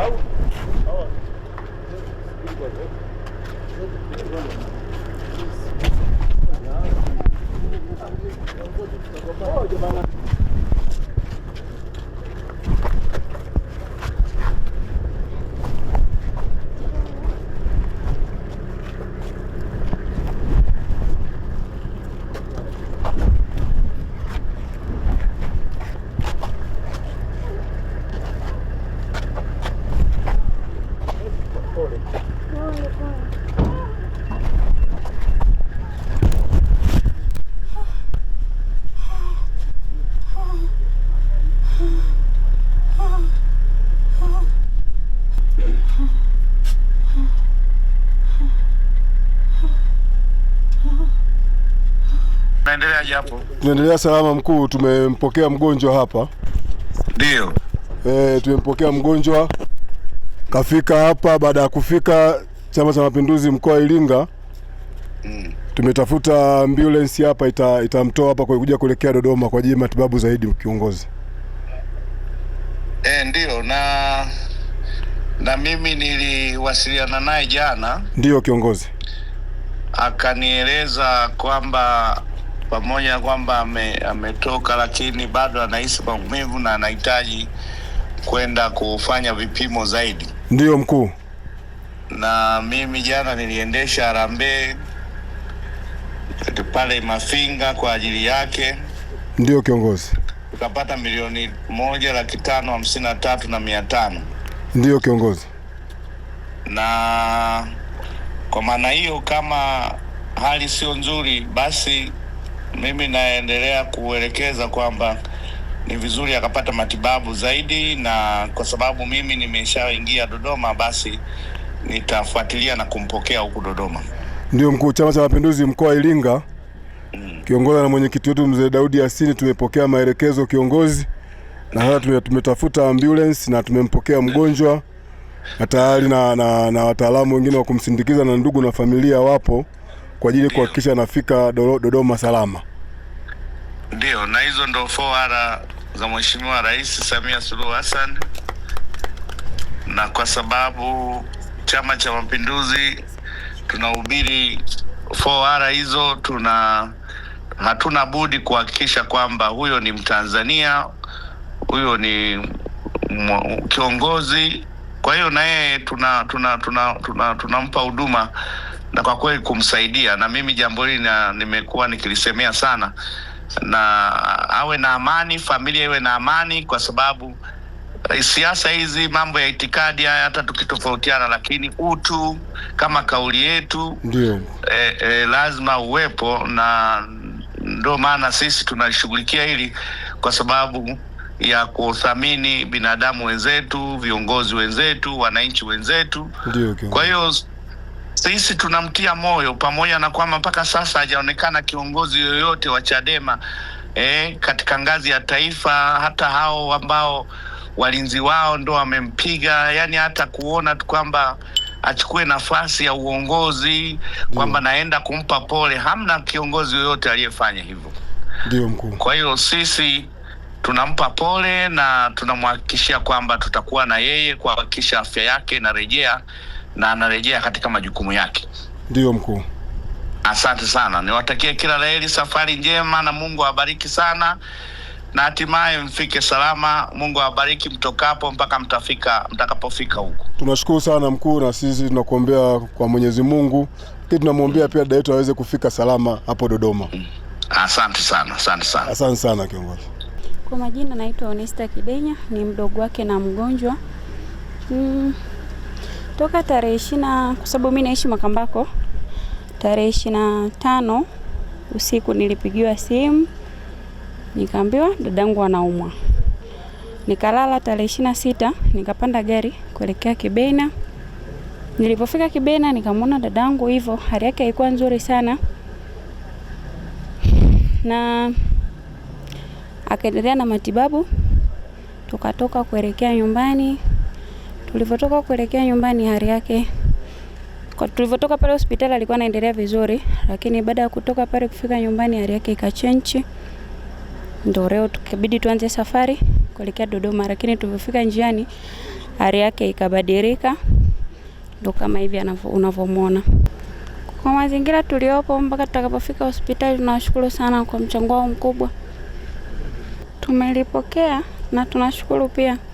How? How? Oh, you're Tunaendelea salama mkuu, tumempokea mgonjwa hapa. Ndio. Eh, tumempokea mgonjwa kafika hapa. Baada ya kufika Chama cha Mapinduzi mkoa wa Iringa, mm. tumetafuta ambulance hapa itamtoa hapa kwa kuja kuelekea Dodoma kwa ajili ya matibabu zaidi. Kiongozi e, ndio na na mimi niliwasiliana naye jana, ndiyo kiongozi, akanieleza kwamba pamoja kwamba ame, ametoka lakini bado anahisi maumivu na anahitaji kwenda kufanya vipimo zaidi. Ndiyo mkuu. Na mimi jana niliendesha harambee pale Mafinga kwa ajili yake. Ndiyo kiongozi. Tukapata milioni moja laki tano hamsini na tatu na mia tano. Ndiyo kiongozi. Na kwa maana hiyo, kama hali sio nzuri, basi mimi naendelea kuelekeza kwamba ni vizuri akapata matibabu zaidi, na kwa sababu mimi nimeshaingia Dodoma, basi nitafuatilia na kumpokea huku Dodoma. Ndio mkuu Chama cha Mapinduzi mkoa wa Iringa mm. kiongoza na mwenyekiti wetu mzee Daudi Yasini, tumepokea maelekezo kiongozi, na sasa tumetafuta ambulance na tumempokea mgonjwa na tayari na, na, na wataalamu wengine wa kumsindikiza na ndugu na familia wapo kwa ajili ya kuhakikisha anafika Dodoma salama. Ndio, na hizo ndo 4R za Mheshimiwa Rais Samia Suluhu Hassan, na kwa sababu Chama cha Mapinduzi tunahubiri 4R hizo, tuna hatuna budi kuhakikisha kwamba huyo ni Mtanzania, huyo ni kiongozi. Kwa hiyo na yeye tunampa tuna, tuna, tuna, tuna huduma na kwa kweli kumsaidia. Na mimi jambo hili nimekuwa nikilisemea sana na awe na amani, familia iwe na amani, kwa sababu eh, siasa hizi, mambo ya itikadi haya, hata tukitofautiana, lakini utu kama kauli yetu ndio eh, eh, lazima uwepo, na ndio maana sisi tunashughulikia hili kwa sababu ya kuthamini binadamu wenzetu, viongozi wenzetu, wananchi wenzetu. Kwa hiyo sisi tunamtia moyo pamoja na kwamba mpaka sasa hajaonekana kiongozi yoyote wa Chadema eh, katika ngazi ya taifa, hata hao ambao walinzi wao ndo wamempiga, yani hata kuona tu kwamba achukue nafasi ya uongozi kwamba naenda kumpa pole, hamna kiongozi yoyote aliyefanya hivyo. Ndio mkuu. Kwa hiyo sisi tunampa pole na tunamhakikishia kwamba tutakuwa na yeye kuhakikisha afya yake inarejea na anarejea katika majukumu yake. Ndiyo mkuu. Asante sana, niwatakie kila laheri, safari njema, na Mungu awabariki sana, na hatimaye mfike salama. Mungu awabariki mtokapo mpaka mtafika mtakapofika huko. Tunashukuru sana mkuu, na sisi tunakuombea kwa Mwenyezi Mungu, lakini tunamwombea pia dada yetu aweze kufika salama hapo Dodoma. Mm. Asante sana, asante sana, asante sana kiongozi. Kwa majina naitwa Onesta Kidenya, ni mdogo wake na mgonjwa mm toka tarehe ishirini, kwa sababu mimi naishi Makambako. Tarehe ishirini na tano usiku nilipigiwa simu nikaambiwa dadangu anaumwa. Nikalala tarehe ishirini na sita nikapanda gari kuelekea Kibena. Nilipofika Kibena nikamwona dadangu hivyo, hali yake haikuwa nzuri sana, na akaendelea na matibabu, tukatoka kuelekea nyumbani. Tulivyotoka kuelekea nyumbani, hali yake, tulivyotoka pale hospitali alikuwa anaendelea vizuri, lakini baada ya kutoka pale kufika nyumbani, hali yake ikachenchi, ndio leo tukabidi tuanze safari kuelekea Dodoma, lakini tulipofika njiani hali yake ikabadilika, ndio kama hivi unavyomwona. Kwa mazingira tuliopo mpaka tutakapofika hospitali, tunawashukuru sana kwa mchango wao mkubwa, tumelipokea na tunashukuru pia.